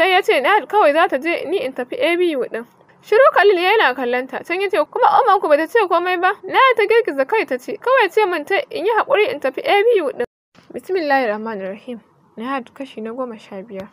sai ya ce Nahad kawai za ta je ni in tafi ABU din. Shiru Khalil yana kallon ta, can yace kuma umar ku bata ce komai ba. Na ta girgiza kai ta ce kawai ce min ta in yi hakuri in tafi ABU din. Bismillahir Rahmanir Rahim. Nahad kashi na goma sha biyar.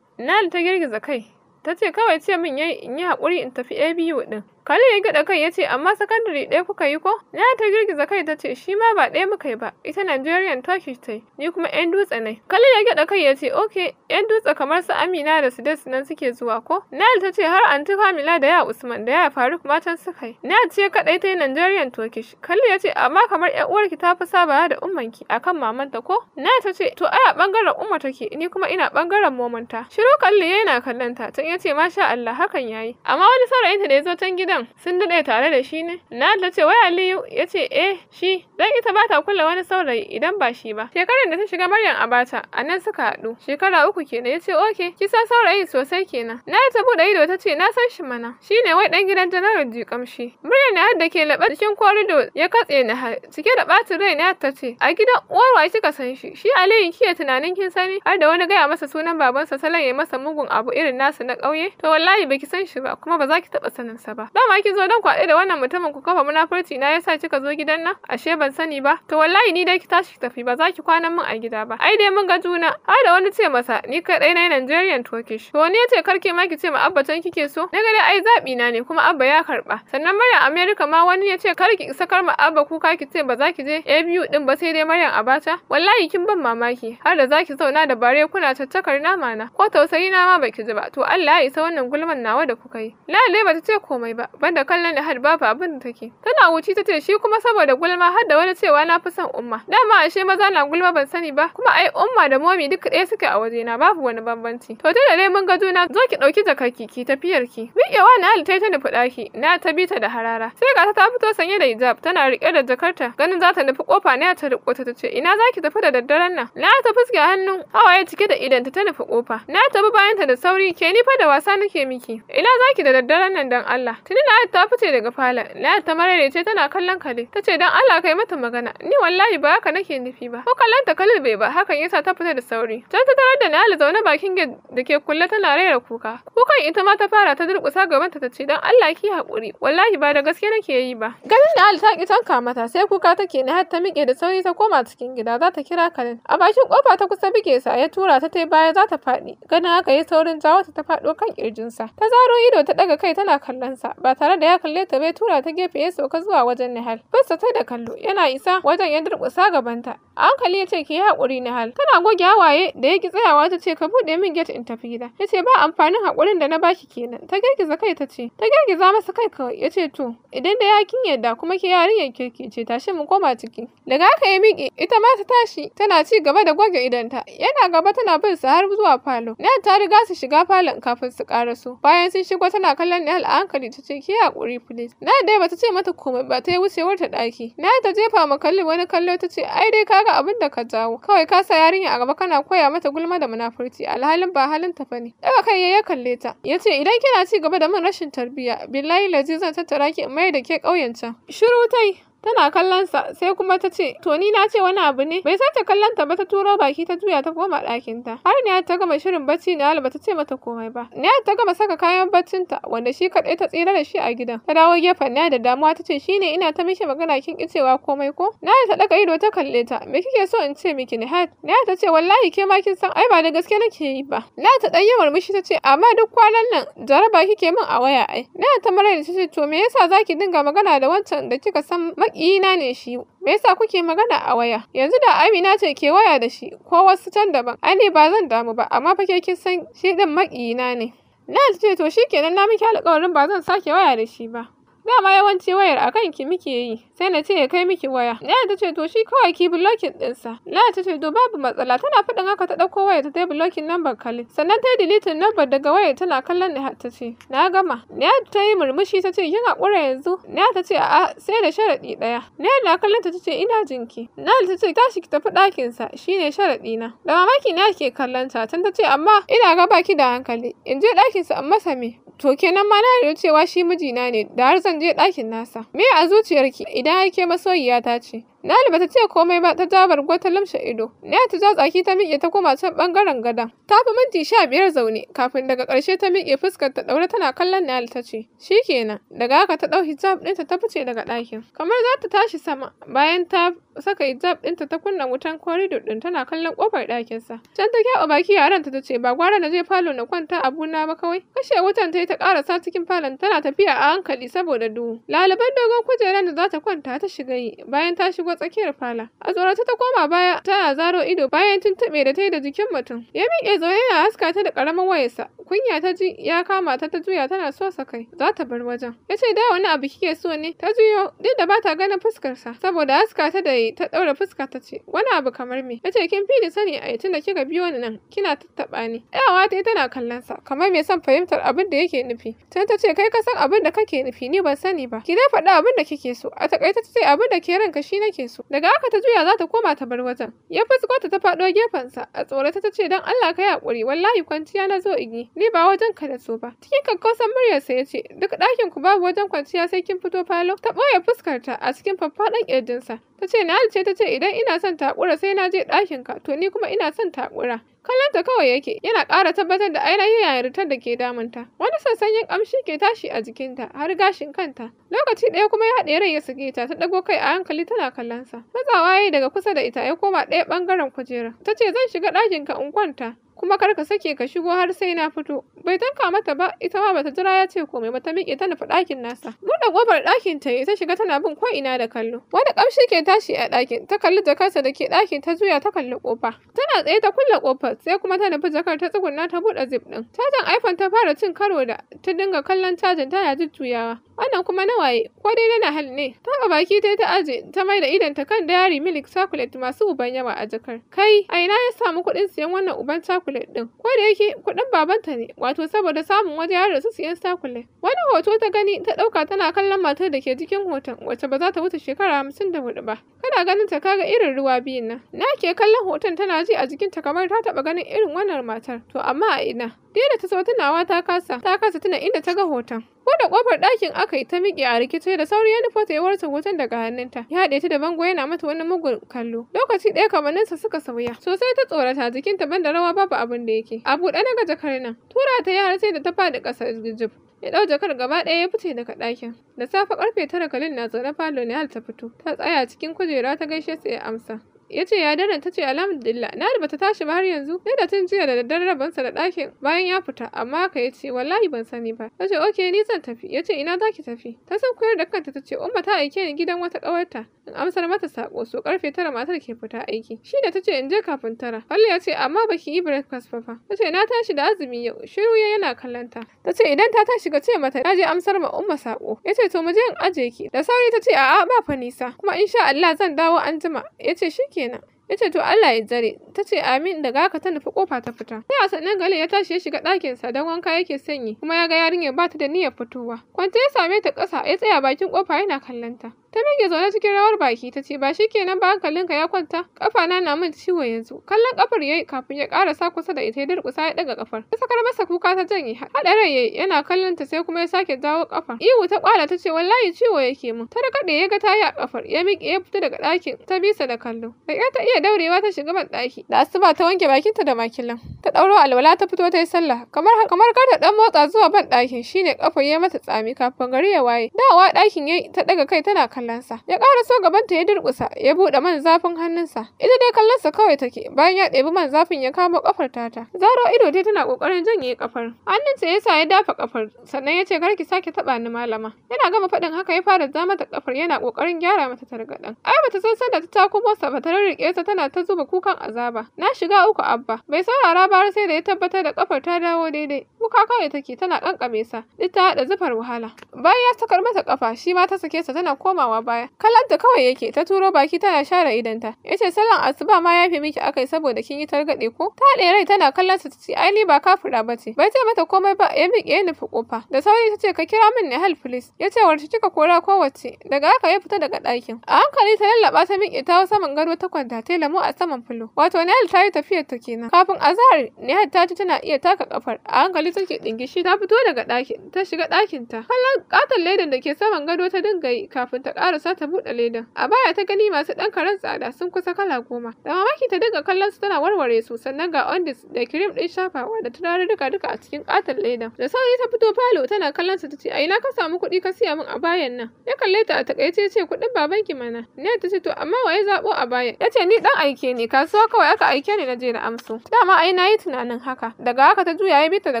Nahad ta girgiza kai, ta ce kawai ce min yayi in yi hakuri in tafi ABU din. Khalil ya gyaɗa kai ya ce, amma sakandare ɗaya kuka yi ko? Na ta girgiza kai ta ce, shi ma ba ɗaya muka yi ba, ita Nigerian Turkish ta ni kuma ƴan dutse ne. Khalil ya gyaɗa kai ya ce, ok, ƴan dutse kamar su Amina da Sudes nan suke zuwa ko? Na ta ce har anti Famila da ya Usman da ya Faruk matan suka yi. Na ce kaɗai ta yi Nigerian Turkish. Kalli ya ce, amma kamar 'yan uwarki ta fi saba da ummanki akan mamanta ko? Na ta ce, to aya ɓangaren umma take, ni kuma ina ɓangaren momanta. Shiru kalli yana kallon ta, ya ce, masha Allah hakan yayi. Amma wani saurayinta da ya zo can gida gidan sun daɗe tare da shi ne? Na ta ce wai Aliyu ya ce eh shi dan ita ba ta kula wani saurayi idan ba shi ba. Shekarar da ta shiga Maryam a bata a nan suka haɗu. Shekara uku kenan ya ce oke kisa saurayi sosai kenan. Na ta buɗe ido ta ce na san shi mana shi ne wai ɗan gidan Janaral Jikamshi. Maryam na da ke laɓa cikin korido ya katse ni har cike da batun rai na ta ce a gidan uwar wai kika san shi shi Aliyu kike tunanin kin sani har da wani gaya masa sunan babansa salon ya masa mugun abu irin nasu na ƙauye to wallahi baki san shi ba kuma ba za ki taɓa sanin sa ba. Ba dama kin zo don kwaɗe da wannan mutumin ku kafa munafurci na yasa kika zo gidan nan ashe ban sani ba to wallahi ni dai ki tashi ki tafi ba za ki kwana mun a gida ba ai dai mun ga juna har da wani ce masa ni kaɗai na Nigerian Turkish to wani yace karki ma ki ce ma abba can kike so na ga dai ai zabi na ne kuma abba ya karba sannan Maryam America ma wani ya yace karki sakar ma abba kuka ki ce ba za ki je ABU din ba sai dai Maryam Abacha wallahi kin ban mamaki har da za ki zauna da bare kuna tattakar nama na ko tausayi na ma baki ji ba to Allah ya isa wannan gulman nawa da kuka yi lalle bata ce komai ba banda kallon da had babu abin da take tana wuci ta ce shi kuma saboda gulma har da wani cewa na fi son umma dama ashe maza na gulma ban sani ba kuma ai umma da momi duk ɗaya suke a waje na, babu wani bambanci to da dai mun ga juna zo ki ɗauki jakarki ki tafiyar ki miƙewa na hal ta nufi ɗaki na ta bi ta da harara sai ga ta fito sanye da hijab tana riƙe da jakarta ganin za ta nufi kofa na ta riƙo ta ce ina za ki tafi da daddaren nan na ta fuske hannu hawaye cike da idanta ta nufi kofa na tafi bayanta da sauri ke ni fa da wasa nake miki ina za da daddaren nan dan Allah tuni Na'ad ta fice daga falon. Na'ad ta marare ce tana kallon Khalil. Ta ce don Allah kai mata magana. Ni wallahi ba haka nake nufi ba. Ko kallon ta Khalil bai ba hakan yasa ta fita da sauri. Can ta tarar da Na'ad zaune bakin gate da ke kulle tana raira kuka. Kukan ita ma ta fara ta durƙusa ga ta ce dan Allah ki haƙuri. Wallahi ba da gaske nake yi ba. Ganin Na'ad ta ki tanka mata sai kuka take har ta miƙe da sauri ta koma cikin gida za ta kira Khalil. A bakin kofa ta kusa buge sa ya tura ta tai baya za ta faɗi. Ganin haka ya saurin jawo ta ta faɗo kan kirjinsa. Ta zaro ido ta ɗaga kai tana kallon sa. Ba ba tare da ya kalle ta bai tura ta gefe ya sauka zuwa wajen Nihal. Binsa ta da kallo yana isa wajen ya durƙusa gabanta A hankali ya ce ki yi haƙuri na hal. Tana goge hawaye da ya tsayawa ta ce ka buɗe min gate in tafi gida. Ya ce ba amfanin haƙurin da na baki kenan. Ta girgiza kai ta ce. Ta girgiza masa kai kawai ya ce to idan da ya kin yadda kuma ki yarinyar kirki ce tashi mu koma ciki. Daga haka ya miƙe ita ma ta tashi tana ci gaba da goge idanta. Yana gaba tana bin sa har zuwa falo. ne ta riga su shiga falon kafin su ƙaraso. Bayan sun shigo tana kallon Nihal a hankali ta ce ki yi haƙuri please. Na dai bata ce mata komai ba ta yi wucewar ta ɗaki. na ta jefa ma wani kallo ta ce ai dai ka ga abin da ka jawo kawai ka sa yarinya a gaba kana koya mata gulma da munafurci alhalin ba halin ta bane daga kai ya kalle ta yace idan kina ci gaba da min rashin tarbiyya billahi lazi zan tattara ki in mai da ke ƙauyen can shiru tai tana kallon sa sai kuma ta ce to ni na ce wani abu ne bai sace kallon ta ba ta turo baki ta juya ta koma ɗakin ta har ne ta gama shirin bacci ne ba ta ce mata komai ba ne ta gama saka kayan baccin ta wanda shi kadai ta tsira da shi a gidan ta dawo gefen ne da damuwa ta ce shine ina ta mishi magana kin ki cewa komai ko na ta daga ido ta kalle ta me kike so in ce miki hat ne ta ce wallahi ke ma kin san ai ba da gaske nake yi ba na ta dan murmushi ta ce amma duk kwanan nan jaraba kike min a waya ai ne ta mara ta ce to me yasa zaki dinga magana da wancan da kika san ina ne shi me yasa kuke magana a waya yanzu da Amina ce ke waya da shi ko wasu can daban ai ba zan damu ba amma fa ke kin san shi din maƙiyina ne na ce to shikenan na miki alƙawarin ba zan sake waya da shi ba Dama yawanci wayar a kanki muke yi, sai na ce ya kai miki waya. ya ta ce to shi kawai ki blokin ɗinsa. Laya ta ce to babu matsala tana faɗin haka ta ɗauko wayar ta ta blokin number Khalid. Sannan ta yi deleting number daga wayar tana kallon ni ta ce na gama. Naya ta yi murmushi ta ce kin hakura yanzu. Naya ta ce a'a sai da sharaɗi ɗaya. Na'a na kallon ta ta ce ina jinki. na ta ce tashi ki tafi ɗakinsa shine sharaɗi na. Da mamaki na ke kallon ta can ta ce amma ina ga baki da hankali. In je ɗakinsa in masa me. To kenan ma na cewa shi mijina ne da har zan je ɗakin nasa. Me a zuciyarki idan ake masoyiya ta ce? ba ta ce komai ba ta jabar gwata ta lamshe ido. Naya ta ja tsaki ta miƙe ta koma can ɓangaren gadan. Ta fi minti sha biyar zaune kafin daga ƙarshe ta miƙe fuskar ta ɗaure tana kallon Nali ta ce shi kenan daga haka ta ɗau hijab ɗinta ta fice daga ɗakin. Kamar za ta tashi sama bayan ta saka hijab ɗinta ta kunna wutan korido ɗin tana kallon ƙofar ɗakinsa. Can ta kyaɓa baki yaran ta ce ba gwara na je falo na kwanta abuna ba kawai. Kashe wutan ta yi ta ƙarasa cikin falon tana tafiya a hankali saboda duhu. Laliban dogon kujeran da za ta kwanta ta shiga yi bayan ta shigo kuma tsakiyar fala. A tsorata ta koma baya tana zaro ido bayan tuntuɓe da ta yi da jikin mutum. Ya miƙe zaune yana haska ta da ƙaramin wayarsa. Kunya ta ji ya kama ta ta juya tana so sa kai. Za ta bar wajen. Ya ce da wani abu kike so ne. Ta juyo duk da ba ta ganin fuskarsa. Saboda haska ta da yi ta ɗaura fuska ta ce wani abu kamar me. Ya ce kin fi ni sani a tunda kika biyo ni nan kina tattaɓa ni. Ɗayawa ta tana kallon sa kamar mai son fahimtar abin da yake nufi. Sai ta ce kai ka san abin da kake nufi ni ban sani ba. Ki dai faɗi abin da kike so. A taƙaita ta ce abin da ke ranka shi nake daga haka ta juya za ta koma ta bar wajen ya fusko ta ta faɗo gefensa a tsorata ta ce dan Allah ka hakuri wallahi kwanciya na zo in yi ni ba wajen ka da so ba cikin kakkausan muryarsa ya ce duk ɗakin ku babu wajen kwanciya sai kin fito falo ta ɓoye fuskarta a cikin faffaɗan sa. ta ce na ce ta ce idan ina son takura sai na je ɗakin ka to ni kuma ina son takura kallonta kawai yake yana ƙara tabbatar da ainihin yarintar da ke damunta wani sansanin ƙamshi ke tashi a jikinta har gashin kanta lokaci ɗaya kuma ya haɗe rai ya sige ta ta ɗago kai a hankali tana kallonsa matsawa ya daga kusa da ita ya koma ɗaya ɓangaren kujera ta ce zan shiga ɗakin ka in kwanta kuma kar ka sake ka shigo har sai na fito bai tanka mata ba ita ma bata jira ya ce komai ba ta miƙe ta nufi ɗakin nasa buɗe ƙofar ɗakin ta yi ta shiga tana bin ko ina da kallo wani ƙamshi ke tashi a ɗakin ta kalli jakarsa da ke ɗakin ta juya ta kalli ƙofa tana tsaye ta kulle ƙofar sai kuma ta nufi jakar ta tsugunna ta buɗe zip ɗin cajin iphone ta fara cin karo da ta dinga kallon cajin tana jujjuyawa Wannan kuma na waye, ko dai na hal ne. ga baki ta ta aje, ta mai da ta kan dairy milk chocolate masu uban yawa a jakar. Kai, a ina ya samu kuɗin siyan wannan uban chocolate ɗin? Ko da yake kuɗin babanta ne, wato saboda samun waje ya rasu siyan chocolate. Wani hoto ta gani ta ɗauka tana kallon matar da ke jikin hoton, wacce ba za ta wuce shekara hamsin da hudu ba. Kana ganin ta kaga irin ruwa biyun nan. Na ke kallon hoton tana ji a jikin ta kamar ta taɓa ganin irin wannan matar. To amma a ina? Dai da ta so tunawa ta kasa, ta kasa tuna inda ta ga hoton. Ko da kofar ɗakin aka yi ta miƙe a rikice da sauri ya nufo ta yi warta daga hannunta. Ya haɗe ta da bango yana mata wani mugun kallo. Lokaci ɗaya kamanninsa suka sauya. Sosai ta tsorata jikinta banda rawa babu abin da yake. A buɗe na ga jakar nan. Tura ta yara sai da ta faɗi ƙasa gijib. ya ɗau jakar gaba ɗaya ya fice daga ɗakin. Da safe ƙarfe tara Kalin na zaune falo ne hal ta fito. Ta tsaya cikin kujera ta gaishe su ya amsa. ya ce ya daren ta ce alhamdulillah na da bata tashi ba har yanzu ne da tun jiya da daddare rabansa da ɗakin bayan ya fita amma ka ya ce wallahi ban sani ba ta ce ok ni zan tafi ya ce ina za ki tafi ta san koyar da kanta ta ce umma ta aike ni gidan wata ƙawarta in amsar mata sako so karfe tara matar ke fita aiki shi da ta ce in je kafin tara Falli ya ce amma ba ki yi breakfast ba fa ta ce na tashi da azumi yau shiru ya yana kallanta ta ce idan ta tashi ka ce mata na je amsar ma umma sako ya ce to mu je in aje ki da sauri ta ce a'a ba fa nisa kuma sha Allah zan dawo an jima ya ce shi kenan ya ce to Allah ya zare ta ce amin daga haka ta nufi kofa ta fita sai a sannan galin ya tashi ya shiga ɗakin sa don wanka yake sanyi kuma ya ga yarinyar ba ta da niyyar fitowa kwanta ya same ta ƙasa ya tsaya bakin kofa yana kallon ta Ta miƙe zaune cikin rawar baki ta ce, ba shi kenan ba hankalinka ya kwanta, kafa na na min ciwo yanzu. Kallon kafar yayi kafin ya sa kusa da ita ya durƙusa ya ɗaga kafar Ta sakar masa kuka ta janye, haɗa rai yayi yana kallon ta sai kuma ya sake dawo kafa Ihu ta ƙwala ta ce, wallahi ciwo yake min. Ta rakaɗe ya ga ta yi a ƙafar, ya miƙe ya fita daga ɗakin ta bisa da kallo. Da ta iya daurewa ta shiga ban ɗaki. Da asuba ta wanke bakinta da makilan. Ta ɗauro alwala ta fito ta yi sallah. Kamar kamar kar ta ɗan motsa zuwa ban ɗakin shine ƙafar ya mata tsami kafin gari ya waye. Dawa ɗakin yayi ta ɗaga kai tana kallon. kallonsa. Ya ƙara so ta ya durƙusa, ya buɗe man zafin hannunsa. Ita dai kallonsa kawai take, bayan ya ɗebi man zafin ya kamo ƙafar tata. Zaro ido dai tana ƙoƙarin janye ƙafar. Hannunsa ya sa ya dafa ƙafar, sannan ya ce kar ki sake taɓa ni malama. Yana gama faɗin haka ya fara za mata ƙafar yana ƙoƙarin gyara mata targaɗen. Ai bata san sanda ta takumo sa ba ta rarriƙe ta tana ta zuba kukan azaba. Na shiga uku abba. Bai saurara ba har sai da ya tabbatar da ƙafar ta dawo daidai. Kuka kawai take tana ƙanƙame sa, duk ta zufar wahala. Bayan ya sakar mata ƙafa, shi ma ta sake sa tana komawa komawa baya. Kallanta kawai yake, ta turo baki tana share idanta. Ya ce sallan asuba ma ya fi miki akai saboda kin yi targaɗe ko? Ta haɗe rai tana kallon sa ce ai ni ba kafira ba ce. Bai ce mata komai ba ya miƙe ni fi kofa. Da sauri ta ce ka kira min Nihal please. Ya ce warci kika kora kowace. Daga haka ya fita daga ɗakin. A hankali ta lallaɓa ta miƙe ta saman gado ta kwanta ta lamu a saman filo. Wato Nihal ta yi tafiyar ta kenan. Kafin azahar Nihal ta ji tana iya taka kafar. A hankali take dingishi ta fito daga ɗakin ta shiga ɗakinta. Kallon ƙaton ledan da ke saman gado ta dinga yi kafin ta ƙarasa ta buɗe ledan. A baya ta gani masu ɗan karen tsada sun kusa kala goma. Da mamaki ta dinga kallon su tana warware su sannan ga ondis da kirim ɗin shafawa da turare duka duka a cikin ƙaton ledan. Da sauri ta fito falo tana kallon su ta ce a ina ka samu kuɗi ka siya min a bayan nan. Ya kalle ta a takaice ce kuɗin babanki mana. Ne ta ce to amma waye zaɓo a baya. Ya ce ni ɗan aike ne kasuwa kawai aka aike ni na je na amsu Dama ai na yi tunanin haka. Daga haka ta juya ya bita da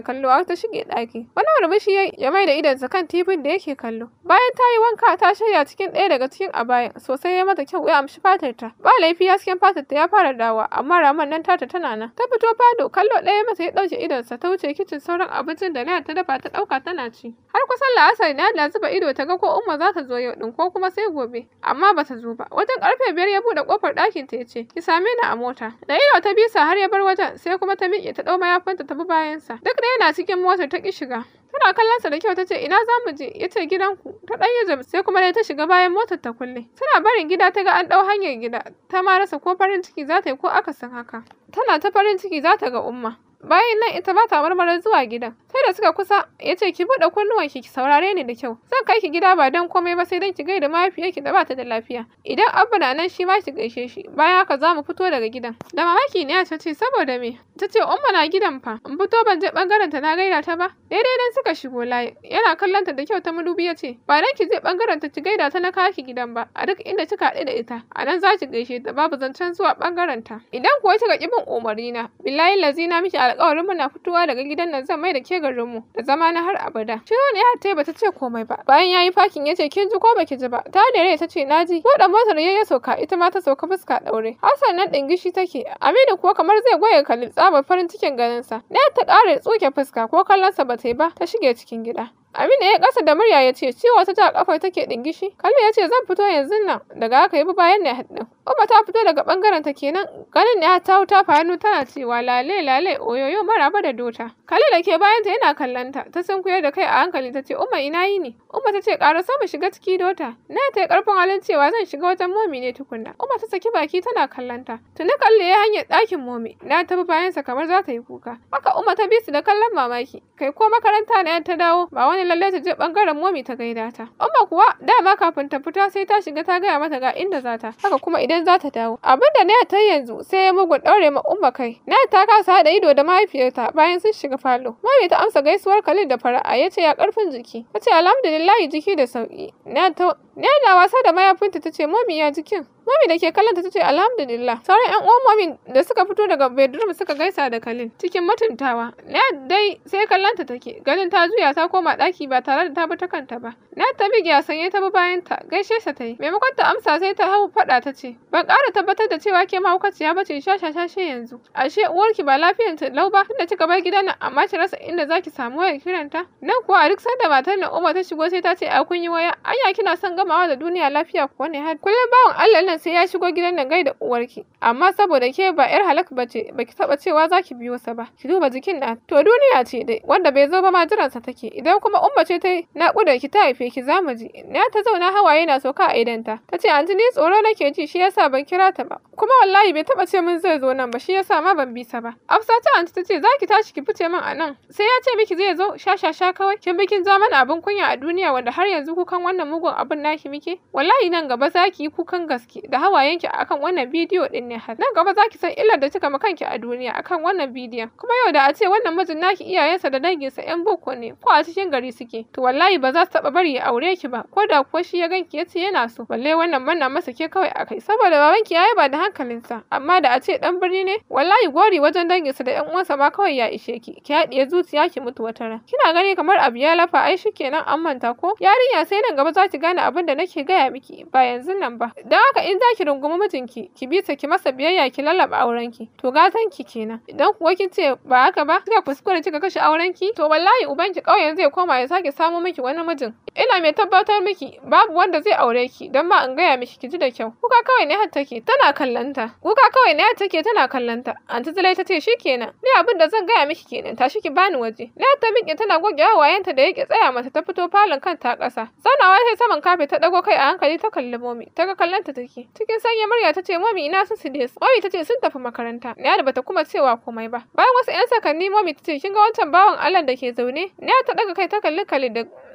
kallo har ta shige ɗaki. Wani murmushi ya mai da sa kan tifin da yake kallo. Bayan ta yi wanka ta shirya cikin cikin ɗaya daga cikin abayan sosai ya mata kyau ya amshi fatar ta ba laifi hasken fatar ta ya fara dawa amma raman nan tata tana nan ta fito fado kallo ɗaya mata ya ɗauke sa, ta wuce kicin sauran abincin da naya ta dafa ta ɗauka tana ci har kusan la'asar na da zuba ido ta ga ko Umma za ta zo yau ɗin ko kuma sai gobe amma ba ta zo ba wajen karfe biyar ya buɗe kofar ɗakin ta ya ce ki same ni a mota da ido ta bisa har ya bar wajen sai kuma ta miƙe ta ɗau mayafinta ta bi bayansa duk da yana cikin motar ta ƙi shiga Tana kallon sa da kyau tace ina za mu je? Yace gidanku. Ta ɗanye jam sai kuma dai ta shiga bayan motar ta kulle. Tana barin gida ta ga an ɗau hanyar gida. Ta ma rasa ko farin ciki za ta yi ko akasin haka. Tana ta farin ciki za ta ga Umma. Bayan nan ita ba ta marmarar zuwa gidan. Sai da suka kusa ya ce ki buɗe kunnuwanki ki saurare ni da kyau. Zan kai ki gida ba don komai ba sai don ki gaida mahaifiyarki da ba ta da lafiya. Idan Abba na nan shi ma ki gaishe shi. Bayan haka za mu fito daga gidan. Da mamaki ne ta ce saboda me? Ta ce umma na gidan fa. In fito ban je bangaren ta na gaida ta ba. Daidai dan suka shigo layi. Yana kallon ta da kyau ta madubi ya ce ba dan ki je bangaren ta ki gaida ta na kawo ki gidan ba. A duk inda kika haɗe da ita. A nan za ki gaishe ta babu zancen zuwa bangaren ta. Idan kuwa kika ƙi bin umarni na billahi lazina miki al alƙawarin na fitowa daga gidan nan zan mai da ke garinmu da zama na har abada. Shiru ne har ta ce komai ba. Bayan ya yi fakin ya ce kin ji ko baki ji ba. Ta da ta ce na ji. dan motar ya sauka ita ma ta sauka fuska ɗaure. Hassan nan gishi take. Aminu kuwa kamar zai goye kalin tsabar farin cikin ganinsa. na ta ƙara tsuke fuska ko kallonsa ba ta yi ba ta shige cikin gida. Aminu ya ƙasa da murya ya ce, ciwo ta ta kafar take ɗingishi. Kalle ya ce, zan fito yanzu nan. Daga haka yi bayan ne haɗu. Uba ta fito daga ɓangaren ta kenan. Ganin ne ta wuta fa hannu tana cewa lale lale oyoyo maraba da dota. Kalle da ke bayan ta yana kallon ta. Ta kuyar da kai a hankali ta ce, Umma ina yi ne? Umma ta ce, ƙara mu shiga ciki dota. Na ta yi ƙarfin halin cewa zan shiga wajen momi ne tukunna. Umma ta saki baki tana kallon ta. Tuni Kalle ya hanyar ɗakin momi. Na ta bi bayansa kamar za ta yi kuka. Haka Umma ta bi su da kallon mamaki. Kai ko makaranta na ta dawo ba wani ne lalle ta je bangaren momi ta gaida ta. Umma kuwa dama kafin ta fita sai ta shiga ta gaya mata ga inda za ta. Haka kuma idan za ta dawo. Abinda da Naya ta yanzu sai ya mugun daure ma Umma kai. na ta kasa haɗa ido da mahaifiyarta bayan sun shiga falo. Momi ta amsa gaisuwar Khalid da fara'a ya ce ya karfin jiki. Ta ce alhamdulillahi jiki da sauki. Na ta Niya da wasa da mayafinta ta ce momi ya jikin. Momi da ke kallonta ta ce alhamdulillah. Sauran yan uwan momi da suka fito daga bedroom suka gaisa da Kalin cikin mutuntawa. Niya dai sai kallonta take. Ganin ta juya ta koma daki ba tare da ta bi ta kanta ba. Niya ta bi ya sanye ta bi bayan ta gaishe sa ta yi. Maimakon ta amsa sai ta hau faɗa ta ce ban kara tabbatar da cewa ke mahaukaciya ba ce shasha shashe yanzu. Ashe uwarki ba lafiyar ta lau ba tunda kika bar gidan nan amma ki rasa inda zaki samu wayar kiranta. Nan kuwa a duk sanda matar na Umar ta shigo sai ta ce a kun yi waya anya kina son gamawa da duniya lafiya kuwa ne har kullum bawan Allah nan sai ya shigo gidan nan gaida uwarki amma saboda ke ba yar halak bace baki taba cewa zaki biyo sa ba ki duba jikin da to duniya ce dai wanda bai zo ba ma jiransa take idan kuma umma ce ta kuda ki ta haife ki zamu ji na ta zauna hawaye na sauka a idanta ta ce anti ni tsoro nake ji shi yasa ban kira ta ba kuma wallahi bai taba ce min zai zo nan ba shi yasa ma ban bi sa ba afsa ta anti ta ce zaki tashi ki fice min a nan sai ya ce miki zai zo shashasha kawai kin bikin zaman abun abin kunya a duniya wanda har yanzu kukan wannan mugun abin na tashi miki wallahi nan gaba zaki yi kukan gaske da hawayenki akan wannan bidiyo din ne nan gaba zaki san illar da kika makanki a duniya akan wannan bidiyon kuma yau da a ce wannan mijin naki iyayensa da danginsa yan boko ne ko a cikin gari suke to wallahi ba za su taba bari ya aure ki ba ko da kuwa shi ya ganki yace yana so balle wannan manna masa ke kawai a kai saboda babanki yayi ba da hankalinsa amma da a ce dan birni ne wallahi gori wajen danginsa da yan uwansa ma kawai ya ishe ki ki haɗiye zuciya ki mutu wata kina gani kamar abu ya lafa ai shikenan an manta ko yarinya sai nan gaba za ki gane abin abin nake gaya miki ba yanzu nan ba don haka in za ki rungumi mijinki ki bi ta ki masa biyayya ki lallaba aurenki to gatan ki kenan idan kuwa kin ce ba haka ba kika kuskure kika kashe aurenki to wallahi uban ubanki kauyen zai koma ya sake samo miki wani mijin ina mai tabbatar miki babu wanda zai aure ki don ma in gaya miki ki ji da kyau kuka kawai ne hatta ke tana kallanta kuka kawai ne hatta ke tana kallanta anti zulai ta ce shikenan ni abin da zan gaya miki kenan tashi ki bani waje ni ta miki tana goge hawayenta da yake tsaya mata ta fito falon kanta kasa. zaunawa sai saman kafe Ta ɗago kai a hankali ta kalli Momi. Ta ga kallonta take. Cikin sanya murya ta ce Momi ina sun su des. Momi ta ce sun tafi makaranta. yadda bata kuma cewa komai ba. Bayan wasu 'yan sakanni Momi ta ce kin ga wancan bawan Allah da ke zaune. na ta ɗaga kai ta kalli kalli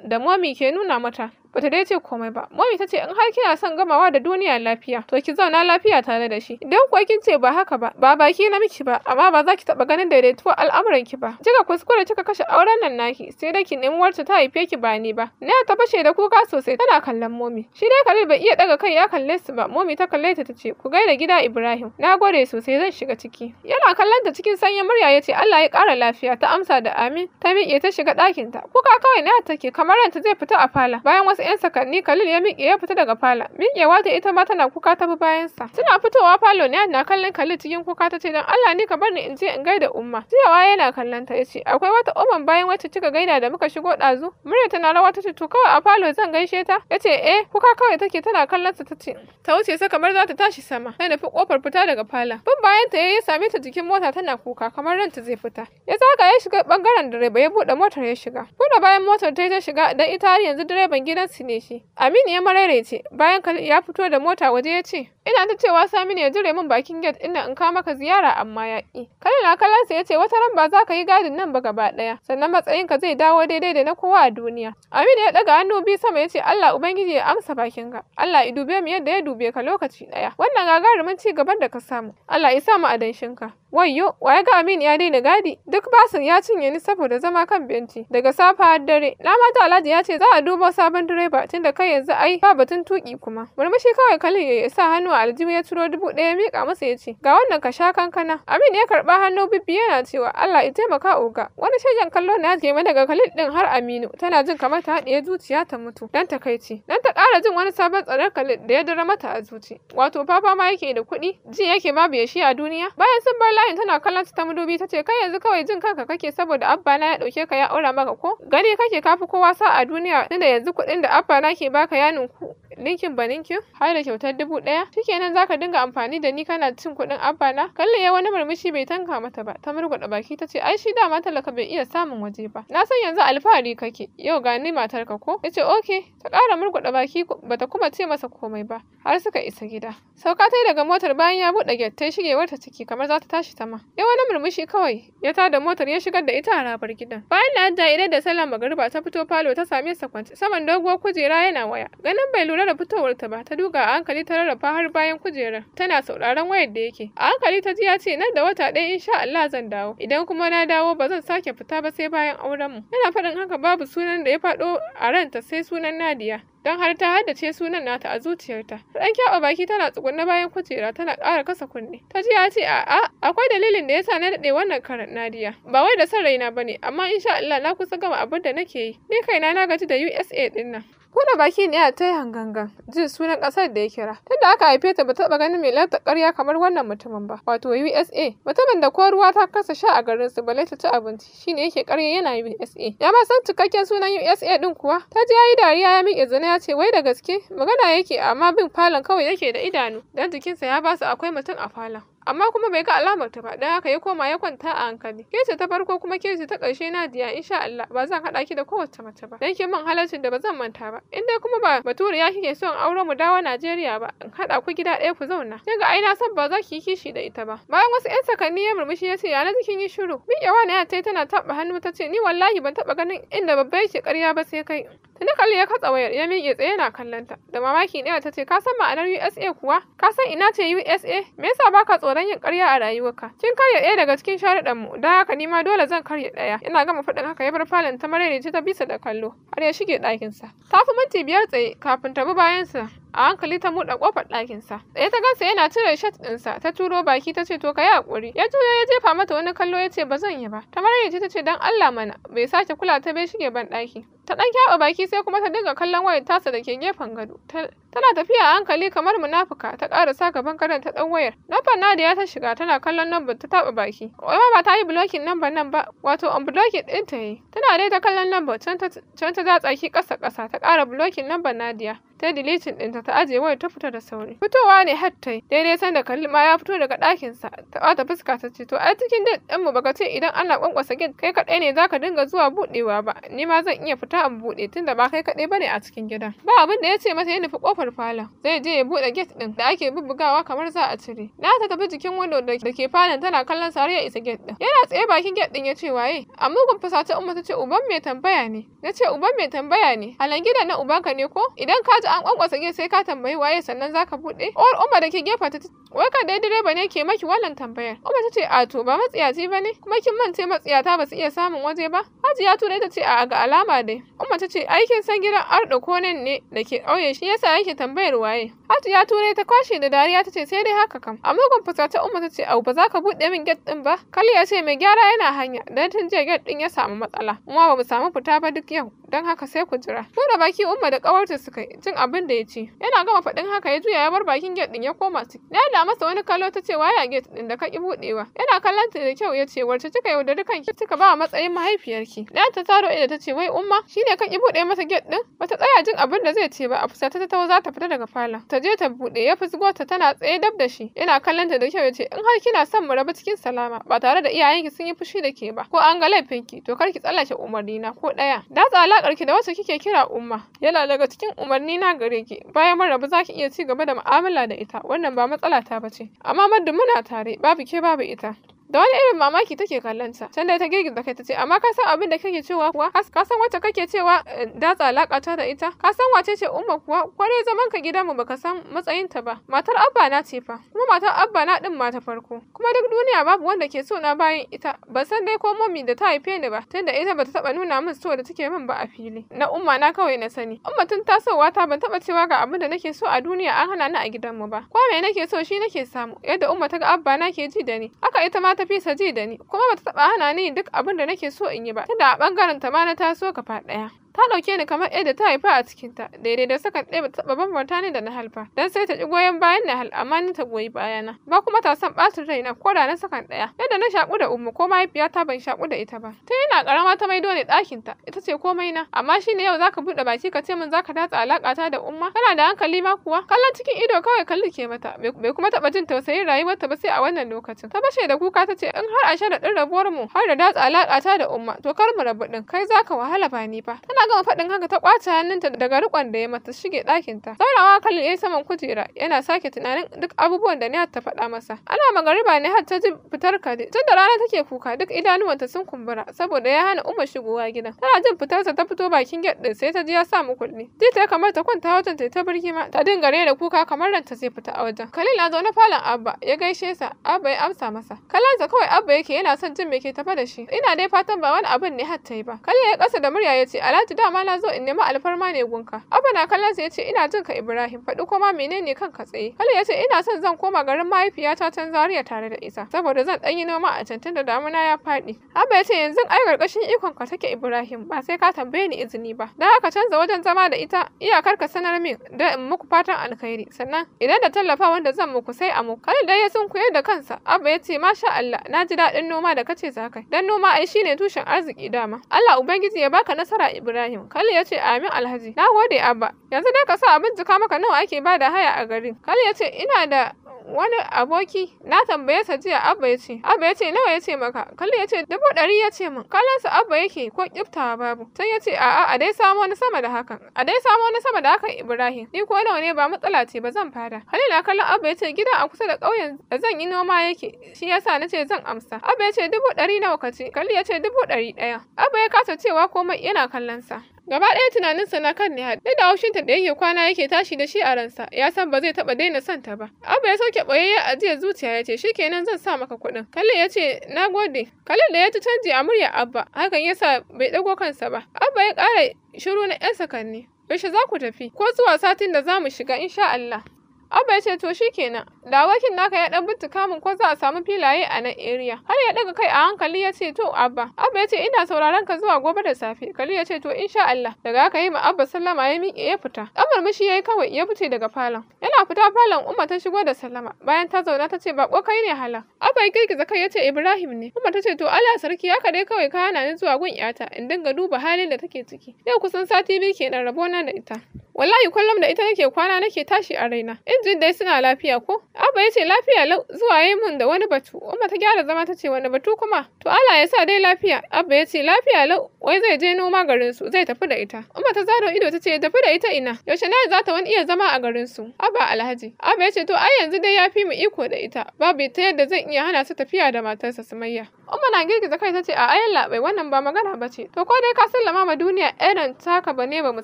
da momi ke nuna mata bata dai daice komai ba momi ta ce in har kina son gamawa da duniya lafiya to ki zauna lafiya tare da shi idan kuwa kin ce ba haka ba ba baki na miki ba amma ba za ki taba ganin daidaituwar al'amuran ki ba kika kuskure kika kashe auren nan naki sai dai ki nemi wacce ta haife ki ba ni ba na ta fashe da kuka sosai tana kallon momi shi dai Khalil bai iya daga kai ya kalle su ba momi ta kalle ta tace ku gaida gida Ibrahim na gode sosai zan shiga ciki yana kallon ta cikin sanyin murya yace Allah ya kara lafiya ta amsa da amin ta miƙe ta shiga ɗakin ta kuka kawai na take kamar ranta zai fita a fala bayan wasu wasu 'yan sakanni Khalil ya miƙe ya fita daga fala. Miƙewa ta ita ma tana kuka ta bi bayansa. Suna fitowa falo ne na kallon Khalil cikin kuka ta ce don Allah ni ka bar ni in je in gaida umma. Jiyawa yana kallon ta yace akwai wata umman bayan wacce kika gaida da muka shigo ɗazu. Murya tana rawa ta ce to kawai a falo zan gaishe ta. Yace eh kuka kawai take tana kallon sa ta ce ta wuce sa kamar za ta tashi sama. Ta nufi kofar fita daga fala. Bin bayan ta ya same ta jikin mota tana kuka kamar ranta zai fita. Ya zaga ya shiga bangaren direba ya buɗe motar ya shiga. Buɗe bayan motar ta ta shiga dan ita har yanzu direban gidan Abbas ne Amin ya mararece bayan ya fito da mota waje ya ce, Ina ta cewa Saminu ya jire min bakin gate ina in kawo maka ziyara amma ya ƙi. Kalin na kalansa ya ce wata ran ba za ka yi gadin nan ba gaba ɗaya sannan matsayin ka zai dawo daidai da na kowa a duniya. Aminu ya ɗaga hannu biyu sama ya ce Allah Ubangiji ya amsa bakin ka Allah ya dube mu yadda ya dube ka lokaci ɗaya. Wannan gagarumin ci gaban da ka samu. Allah ya sa mu a ka. Wayyo, wa ya ga Aminu ya daina gadi? Duk basin ya cinye ni saboda zama kan benci. Daga safa har dare, na mata Alhaji ya ce za a duba sabon direba tunda kai yanzu ai ba batun tuki kuma. Murmushi kawai Kalle ya sa hannu aljihu ya ciro dubu ɗaya miƙa masa ya ce ga wannan ka sha kankana amin ya karɓa hannu bibbi yana cewa allah ya taimaka oga wani shaidan kallo na je mana daga khalid din har aminu tana jin kamar ta haɗiye zuciya ta mutu dan ta takaici dan ta ƙara jin wani sabon tsaron khalid da ya dara mata a zuci wato papa ma yake da kuɗi ji yake babu yashi a duniya bayan sun bar layin tana kallon ta madubi ta ce kai yanzu kawai jin kanka kake saboda abba na ya ɗauke ka ya aura maka ko gani kake kafi kowa sa a duniya tunda yanzu kuɗin da abba na ke baka ya ku banin baninkin har da kyautar dubu ɗaya shikenan zaka dinga amfani da ni kana cin kuɗin abba na kalle ya wani murmushi bai tanka mata ba ta murgwada baki ta ce ai shi dama talaka bai iya samun waje ba na san yanzu alfahari kake yau gani matarka ko ya ce ok ta ƙara murgwada baki bata kuma ce masa komai ba har suka isa gida sauka ta daga motar bayan ya buɗe gate ta shigewar ta ciki kamar za ta tashi ta ma ya wani murmushi kawai ya tada motar ya shigar da ita harabar gidan bayan da hajja idan da sallah magariba ta fito falo ta same sa kwance saman doguwar kujera yana waya ganin bai lura fara fitowar ta ba ta duga a hankali ta rarrafa har bayan kujerar tana sauraron wayar da yake a hankali ta ji ya ce nan da wata ɗaya in sha Allah zan dawo idan kuma na dawo ba zan sake fita ba sai bayan auren mu yana faɗin haka babu sunan da ya faɗo a ranta sai sunan Nadiya don har ta haddace sunan nata a zuciyarta. Ɗan kyawa baki tana tsugunna bayan kujera tana ƙara kasa kunne. Ta ji ya ce a'a akwai dalilin da yasa na daɗe wannan karan Nadiya. Ba wai da son raina ne. amma insha Allah na kusa gama abin da nake yi. Ni kaina na gaji da USA ɗin nan. Kuna baki ne ta yi hangangan jin sunan ƙasar da ya kira. Tunda aka haife ta ba taɓa ganin mai lantar ƙarya kamar wannan mutumin ba, wato USA. Mutumin da ko ruwa ta kasa sha a garin su balle ta ci abinci shine yake ƙarya yana USA. Ya ma san cikakken sunan USA ɗin kuwa. Ta ji ya dariya ya miƙe zane ya ce wai da gaske magana yake amma bin falon kawai yake da idanu don jikinsa ya basu akwai mutum a falon. amma kuma bai ga alamar ta ba dan haka ya koma ya kwanta a hankali kece ta farko kuma ke ta ƙarshe Nadiya insha Allah ba zan hada ki da kowace mace ba dan ke min halaccin da ba zan manta ba in dai kuma ba ya kike son auren mu dawo Najeriya ba in haɗa ku gida ɗaya ku zauna sai ga ai na san ba za ki yi kishi da ita ba bayan wasu 'yan sakanni ya murmushi ya ce ya na jikin yi shiru miƙewa na ta tana taɓa hannu ta ce ni wallahi ban taɓa ganin inda babba yake ƙarya ba sai kai tuni kalli ya katsa wayar ya miƙe tsaye yana kallon ta da mamaki ne ta ce ka san ma'anar USA kuwa ka san ina ce USA me yasa baka tsoro tsoron yin ƙarya a rayuwarka kin karya ɗaya daga cikin sharuɗan mu don haka ni ma dole zan karya ɗaya ina gama faɗin haka ya bar falon ta maraice ta bisa da kallo har ya shige ɗakinsa ta fi minti biyar tsaye kafin ta bi bayansa a hankali ta buɗe ƙofar ɗakinsa tsaye ta gansa yana cire shat ɗinsa ta turo baki ta ce to ka yi haƙuri ya juyo ya jefa mata wani kallo ya ce ba zan yi ba ta marayyaci ta ce don Allah mana bai sake kula ta bai shige ban ɗaki ta ɗan kyaɓa baki sai kuma ta dinga kallon wayar tasa da ke gefen gado tana tafiya a hankali kamar munafuka ta ƙarasa gaban gadon ta ɗan wayar da Nadia ta shiga tana kallon namban ta taɓa baki wai ba ta yi blocking number nan ba wato on blocking ɗin ta yi tana dai ta kallon namban can ta can ta tsaki ƙasa ƙasa ta ƙara blocking Nadia ta dilitin ɗinta ta ajiye wayar ta fita da sauri fitowa ne hatta daidai san sanda kalima ya fito daga ɗakinsa ta ɓata fuska ta ce to a cikin din ɗin mu baka ce idan ana kwankwasa gate kai kaɗai ne zaka dinga zuwa buɗewa ba ni ma zan iya fita in buɗe tunda ba kai kaɗai bane a cikin gidan ba abin da ya ce mata ya nufi kofar falon zai je ya buɗe gate ɗin da ake bubbugawa kamar za a cire na ta tafi jikin wando da ke falon tana kallon sa har ya isa gate ɗin yana tsaye bakin gate ɗin ya ce waye a mugun fusace umma ta ce uban mai tambaya ne na ce uban mai tambaya ne halan gidan na ubanka ne ko idan ka ji an kwankwasa gate sai ka tambayi waye sannan zaka bude uwar umma da ke gefa ta wai ka dai direba ne ke maki wannan tambayar umma ta ce a to ba matsiyaci ba ne kuma kin mance matsiyata ba su iya samun waje ba hajiya tura ta ce a ga alama dai umma ta ce aikin san gidan ardo konen ne da ke ƙauye shi yasa yake tambayar waye ya Turai ta kwashe da dariya ta ce sai dai haka kam. A mugun fusace Umma ta ce au ba za ka buɗe min get ɗin ba. Kali ya ce mai gyara yana hanya dan tun jiya get ɗin ya samu matsala. Kuma ba mu samu fita ba duk yau don haka sai ku jira. da baki Umma da ƙawarta suka yi cin abin da ya ce. Yana gama faɗin haka ya juya ya bar bakin get ɗin ya koma ciki. Na da masa wani kallo ta ce waya get ɗin da ka ki buɗewa. Yana kallon ta da kyau ya ce wacce kika yaudari kanki kika ba matsayin mahaifiyarki. Na ta taro ida ta ce wai Umma shine ka ki buɗe masa get ɗin. Bata tsaya jin abin da zai ce ba a fusata ta tawo za ta fita daga falon. Ta kaje je ta buɗe ya fi ta tana tsaye dab da shi ina kallon ta da kyau ya ce in har kina son mu raba cikin salama ba tare da iyayenki sun yi fushi da ke ba ko an ga laifinki to kar ki tsallake umarni na ko ɗaya datsa alakar ki da wacce kike kira umma yana daga cikin umarni na gare ki bayan mun rabu zaki iya ci gaba da mu'amala da ita wannan ba matsala ta bace amma muddin muna tare babu ke babu ita da wani irin mamaki take kallon ta can da ta girgiza kai ta ce amma ka san abin da kake cewa kuwa ka san wacce kake cewa eh, datsa alaka ta da ita ka san wace ce umma kuwa kwarai zaman ka gidan mu baka san matsayin ta ba matar abba na ce fa kuma matar abba na din mata farko kuma duk duniya babu wanda ke so na bayan ita ban san dai ko momi da ta haife ni ba tunda ita bata taba nuna min so da take min ba a fili na umma na kawai na sani umma tun tasowa ta ban taba cewa ga abin da nake so a duniya an hana ni a gidan mu ba ko me nake so shi nake samu yadda umma ta ga abba na ke ji da ni haka ita ma tafi ji da ni kuma bata taɓa hana ni duk abin da nake so in yi ba tunda a ɓangaren ta ma na taso gaba ɗaya ta ɗauke ni kamar yadda ta haifa a cikinta daidai da sakan ɗaya bata taɓa bambanta ni da na halfa dan sai ta ƙi goyon bayan na hal amma ni ta goyi bayana ba kuma ta san ɓacin raina ko da na sakan ɗaya yadda na shaƙu da umu ko mahaifiyata ban shaƙu da ita ba tun ina ƙarama ta maido ne ɗakinta ita ce komai na amma shi ne yau zaka buɗe baki ka ce min zaka datsa alaƙata da umma kana da hankali ma kuwa kallon cikin ido kawai kalli ke mata bai kuma taɓa jin tausayin rayuwarta ba sai a wannan lokacin ta bashe da kuka ta ce in har a sharaɗin rabuwar mu har da datsa alaƙata da umma to kar mu rabu ɗin kai zaka wahala ba ni ba tana gama faɗin haka ta ƙwace hannunta daga riƙon da ya mata shige ɗakinta. Saurawa Khalil ya saman kujera yana sake tunanin duk abubuwan da Nihat ta faɗa masa. Ana magariba ne har ta ji fitar Khalil. Tun da rana take kuka duk idanuwanta sun kumbura saboda ya hana Umma shigowa gidan. Tana jin fitarsa ta fito bakin gate ɗin sai ta ji ya sa mu mukulli. Ji ta kamar ta kwanta wajen ta ta birgi ma ta dinga rera kuka kamar ranta zai fita a wajen. Khalil na zaune falon Abba ya gaishe sa Abba ya amsa masa. Kalansa kawai Abba yake yana son jin me ke tafa da shi. Ina dai fatan ba wani abin har ta yi ba. Khalil ya kasa da murya ya ce Alhaji dama na zo in nemi alfarma ne gunka abba na kallon sa yace ina jin ka ibrahim faɗi kuma menene kan ka tsaye kala yace ina son zan koma garin mahaifiyata can zaria tare da isa saboda zan danyi yi noma a can da damuna ya faɗi abba yace yanzu ai karkashin ikon ka take ibrahim ba sai ka tambaye ni izini ba dan haka canza wajen zama da ita iyakar ka sanar min da in muku fatan alkhairi sannan idan da tallafa wanda zan muku sai a muku kala dai ya kuye da kansa abba yace masha Allah na ji daɗin noma da kace za kai dan noma ai shine tushen arziki dama Allah ubangiji ya baka nasara ibrahim Ibrahim. Kali ya ce amin Alhaji. Na gode Abba. Yanzu dai ka sa abin jika maka nawa ake ba da haya a garin. Kali ya ce ina da wani aboki na tambaye sa jiya abba ya ce abba ya ce nawa ya ce maka kalli ya ce dubu ɗari ya ce min kalansa abba yake ko kiftawa babu sai ya ce a'a a dai samo wani sama da hakan a dai samo wani sama da hakan ibrahim ni ko nawa ne ba matsala ce ba zan fada. halil kallon abba ya ce gidan a kusa da ƙauyen da zan yi noma yake shi yasa na ce zan amsa abba ya ce dubu ɗari nawa ka ce kalli ya ce dubu ɗari ɗaya abba ya kasa cewa komai yana kallon sa Gaba ɗaya tunaninsa na kan Nihad, duk da haushinta da yake kwana yake tashi da shi a ransa, ya san ba zai taɓa daina son ta ba. Abba ya sauke a jiya zuciya ya ce, shi kenan zan sa maka kuɗin. Kalle ya ce, na gode. Kalle da ya ci canji a murya Abba, hakan ya sa bai ɗago kansa ba. Abba ya ƙara shiru na 'yan sakanni. Yaushe za ku tafi? Ko zuwa satin da za mu shiga, insha Allah. Abba ya ce to shi kenan. Da wakin naka ya dan bincika kamun ko za a samu filaye a nan area. Har ya daga kai a hankali ya ce to Abba. Abba ya ce ina sauraron ka zuwa gobe da safe. Kali ya ce to insha Allah. Daga haka yi ma Abba sallama ya miƙe ya fita. Amar mishi yayi kawai ya fice daga falon. Yana fita falon Umma ta shigo da sallama. Bayan ta zauna ta ce bako kai ne hala. Abba ya girgiza kai ya ce Ibrahim ne. Umma ta ce to Allah sarki ya ka dai kawai ka hana ni zuwa gun iyata in dinga duba halin da take ciki. Yau kusan sati biyu kenan rabona da ita. Wallahi kullum da ita nake kwana nake tashi a raina. Injin dai suna lafiya ko? Abba ya ce lafiya lau zuwa yi mun da wani batu. Umma ta gyara zama ta ce wani batu kuma? To Allah ya sa dai lafiya. Abba ya ce lafiya lau wai zai je noma garin su zai tafi da ita. Umma ta zaro ido ta ce tafi da ita ina. Yaushe na za ta wani iya zama a garin su? Abba Alhaji. Abba ya ce to ai yanzu dai ya fi mu iko da ita. Babu ta yadda zan iya hana su tafiya da matarsa Sumayya. Umma na girgiza kai ta ce a ayan labai wannan ba magana ba ce. To ko dai ka sallama ma duniya irin taka ba ne ba mu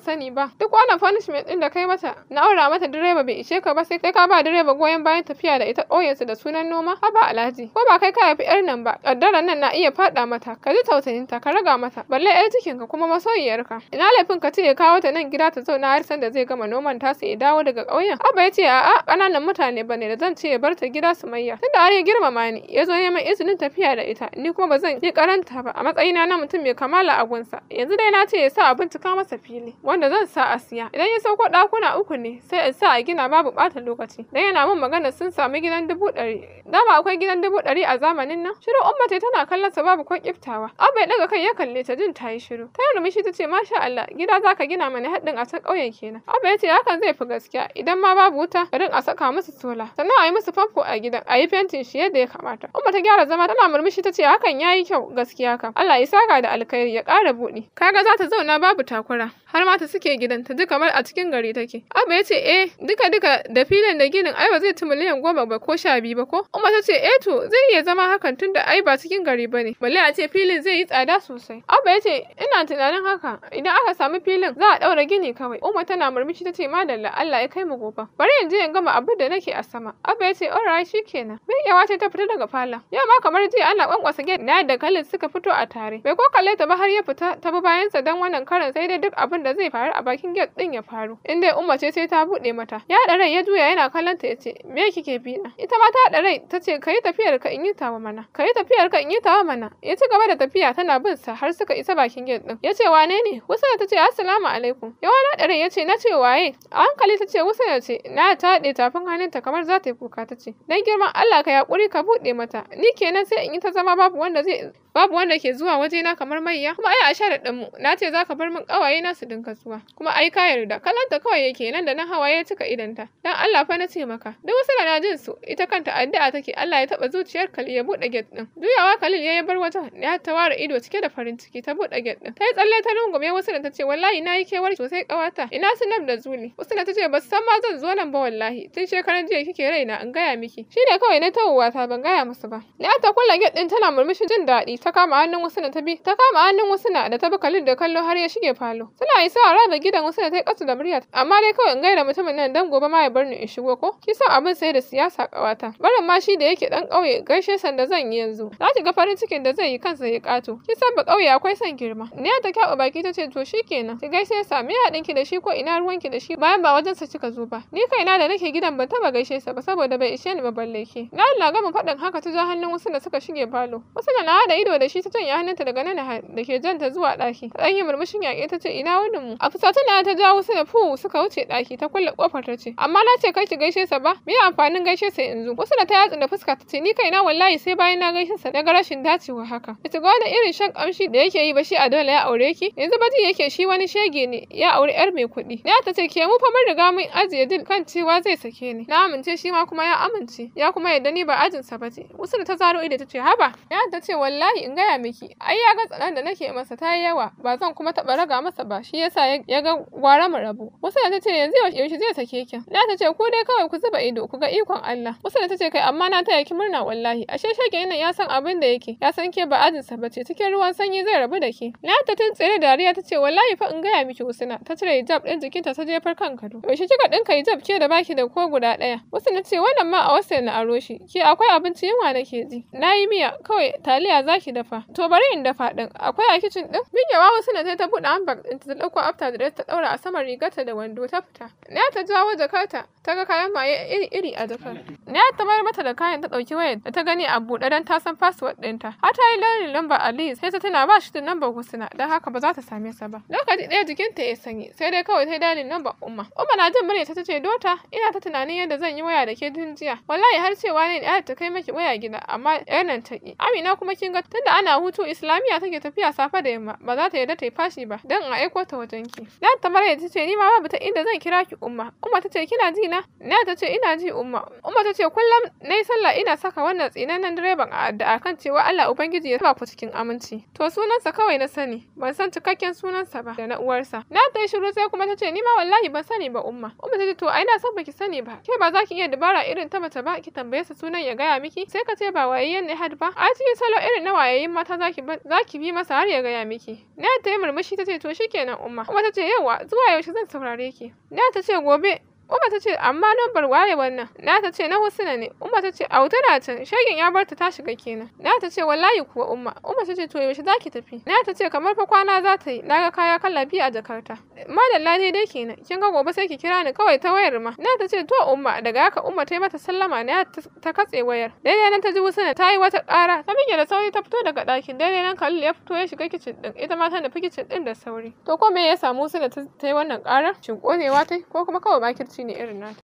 sani ba. Duk wannan punishment ɗin da kai mata na aura mata direba bai ishe ka ba sai kai ka ba direba goyon bayan tafiya da ita su da sunan noma haba alhaji ko ba kai ka haifi yar nan ba Ƙaddara nan na iya faɗa mata ka ji tausayinta ka raga mata balle yar cikinka kuma masoyiyarka ina laifin ka ce ya kawo ta nan gida ta zauna har san da zai gama noman tasu ya dawo daga ƙauyen abba ya ce a'a ƙananan mutane ba ne da zan ce ya bar ta gida su mayya tunda har ya girmama ni ya zo neman izinin tafiya da ita ni kuma ba zan yi karanta ba a matsayina na mutum mai kamala a gunsa yanzu dai na ce ya sa a bincika masa fili wanda zan sa a siya idan ya sauko ɗakuna uku ne sai in sa a gina babu ɓata lokaci dan yana mun magana sun samu gidan dubu ɗari dama akwai gidan dubu ɗari a zamanin nan shiru ummata tana kallon sa babu kwan kiftawa an bai daga kai ya kalle ta jin ta yi shiru ta yi murmushi ta ce masha Allah gida zaka gina mana haɗin a san ƙauyen kenan an ya ce hakan zai fi gaskiya idan ma babu wuta garin a saka musu sola sannan a yi musu famfo a gidan a yi fentin shi yadda ya kamata ummata ta gyara zama tana murmushi ta ce hakan yayi kyau gaskiya kam Allah ya saka da alkhairi ya ƙara buɗe kaga za ta zauna babu takura har ma ta suke gidan ta ji kamar a cikin gari take. Abba ya ce eh duka duka da filin da ginin ai ba zai ci miliyan goma ba ko sha biyu ba ko. Umma ta ce eh to zai iya zama hakan tunda ai ba cikin gari ba ne. Bala a ce filin zai yi tsada sosai. Abba ya ce ina tunanin haka idan aka samu filin za a ɗaura gini kawai. Umma tana murmushi ta ce madalla Allah ya kai mu gobe. Bari in je in gama abin da nake a sama. Abba ya ce alright shikenan. yawa ce ta fita daga falon. Yau ma kamar jiya ana kwankwasa gate na da kalin suka fito a tare. Bai ko kalle ta ba har ya fita ta bi bayansa dan wannan karan sai dai duk abin da zai faru a bakin gate din ya faru in dai umma ce sai ta buɗe mata ya haɗa rai ya juya yana kallon ta yace me kike bi na ita ma ta haɗa rai ta ce kayi tafiyar ka in yi tawa mana kayi tafiyar ka in yi tawa mana ya ci gaba da tafiya tana bin sa har suka isa bakin gate din ya ce wane ne wusana ta ce assalamu alaikum yawa na haɗa rai ya ce na ce waye a hankali ta ce wusana ce na ta haɗe tafin hannunta kamar za ta yi kuka ta ce dan girman Allah ka yaƙuri ka buɗe mata ni kenan sai in yi ta zama babu wanda zai babu wanda ke zuwa wajena kamar maiya kuma ai a sharaɗin mu na ce bar min ƙawaye na su dinga zuwa kuma ai ka yarda da kallonta kawai yake nan da na hawa ya cika idanta dan Allah fa na ce maka duk wasu na jin su ita kanta addu'a take Allah ya taba zuciyar Khalil ya bude gate din juyawa Khalil ya bar wata ya ta ware ido cike da farin ciki ta bude gate din tayi tsalle ta rungume wasu da tace wallahi nayi kewar sosai kawata ina sunan da zuni wasu da tace ba san ma zan zo nan ba wallahi tun shekaran jiya kike raina an gaya miki ne kawai na tawowa ta ban gaya musu ba na ta kulla gate din tana murmushin jin daɗi ta kama hannun wasu ta bi ta kama hannun wasu da ta bi Khalil da kallo har ya shige falo suna isa raba gidan wasu da ta yi da muryar amma dai kawai in gaida mutumin nan dan gobe ma ya bar ni in shigo ko ki san abin sai da siyasa kawata barin ma shi da yake dan kauye gaishe san da zan yi yanzu za ki ga farin cikin da zai yi kansa ya kato ki san ba kauye akwai son girma ne ta kyau baki ta ce to shikenan ki gaishe sa me haɗin ki da shi ko ina ruwan ki da shi bayan ba wajen sa kika zo ba ni na da nake gidan ban taba gaishe sa ba saboda bai ishe ni ba balle ki na Allah gama faɗin haka ta ja hannun wasu da suka shige falo wasu da na hada ido da shi ta janye hannunta daga nan da ke janta zuwa ɗaki ta ɗan yi murmushin yaƙe ta ce ina wurin mu a fusata na ta ja wasu da fu suka wuce ɗaki ta kulle kofar ta ce amma na ce kai ki gaishe sa ba me amfanin gaishe sa yanzu wasu da ta yatsu da fuska ta ce ni kai na, wallahi sai bayan na gaishe sa daga rashin dacewa haka ita ga wani irin shan kamshi da yake yi ba shi a dole ya aure ki yanzu ba baji yake shi wani shege ne ya aure yar mai kuɗi ya ta ce ke mu fa mun riga mun ajiye din kan cewa zai sake ni na amince shi ma kuma ya amince ya kuma yadda ni ba ajin sa ba ce. wasu da ta zaro ido ta ce haba ya ta ce wallahi in gaya miki ai ya ga tsanan da nake masa ta yawa ba zan kuma taɓa raga masa ba shi yasa ya ga gwara mu rabu Musa ta ce yanzu yaushe zai sake ki na ta ce ku dai kawai ku zuba ido ku ga ikon Allah da ta ce kai amma na taya ki murna wallahi ashe shege nan ya san abin da yake ya san ke ba sa bace cikin ruwan sanyi zai rabu da ke na ta tsere dariya ta ce wallahi fa in gaya miki Usuna ta cire hijab din jikinta ta jefar kan gado yaushe kika dinka hijab ke da baki da ko guda daya ta ce wannan ma a wasa na aro shi ke akwai abinci yunwa ke ji na yi miya kawai taliya zaki dafa to bari in dafa din akwai a kicin din min yawa Usuna ta buɗe handbag ɗin ta dauko after dress ta daura a saman rigarta da wando ta fita. Na ta jawo jakarta, ta ga kayan maye iri-iri a jakar. Na ta mayar mata da kayan ta dauki wayar da ta gani a buɗe don ta san password ɗinta. Har ta yi launin lambar alice sai ta tana ba shi da lambar Husna don haka ba za ta same sa ba. Lokaci ɗaya jikinta ya sanyi sai dai kawai ta yi dalin lambar Umma. Umma na jin murya ta ce Dota ina ta tunanin yadda zan yi waya da ke tun jiya. Wallahi har cewa ne ya ta kai maki waya gida amma ƴar nan ta ƙi. Amina kuma kin ga tunda ana hutu Islamiyya take tafiya safe da yamma ba za ta yarda ta yi fashi ba don a aiko ta wajen ki. Dan ta mara ta ce ni ma babu ta inda zan kira ki umma umma tace kina ji na na ta ina ji umma umma tace kullum nayi sallah ina saka wannan tsinannen direban a addu'a kan cewa Allah ubangiji ya saba ku cikin aminci to sunansa kawai na sani ban san cikakken sunansa ba da na uwarsa na ta shiru sai kuma ta ce ni ma wallahi ban sani ba umma umma ta ce to ai san baki sani ba ke ba za ki iya dabara irin ta mace ba ki tambaye sa sunan ya gaya miki sai ka ce ba wayayyen ne had ba a cikin salo irin na wayayyen mata zaki zaki bi masa har ya gaya miki na ta yi murmushi ta ce to shikenan umma umma ta ce yawa zuwa yaushe zan saurare ki. Na ta ce gobe Umma ta ce, amma lambar waye wannan? Na ta ce, na Husna ne. Umma ta ce, au tana can, shagin ya barta ta shiga kenan. Na ta ce, wallahi kuwa Umma. Umma ta ce, to yaushe za ki tafi? Na ta ce, kamar fa kwana za ta yi, na ga kaya kala biyu a jakarta. Madalla ne dai kenan, kin ga gobe sai ki kira ni kawai ta wayar ma. Na ta ce, to Umma, daga haka Umma ta yi mata sallama na ta katse wayar. Daidai nan ta ji Husna ta yi wata ƙara, ta miƙe da sauri ta fito daga ɗakin. Daidai nan Khalil ya fito ya shiga kicin ɗin, ita ma ta nufi kicin ɗin da sauri. To ko me ya samu Husna ta yi wannan ƙara? Shin ƙonewa ta ko kuma kawai makirci? Seni erinert.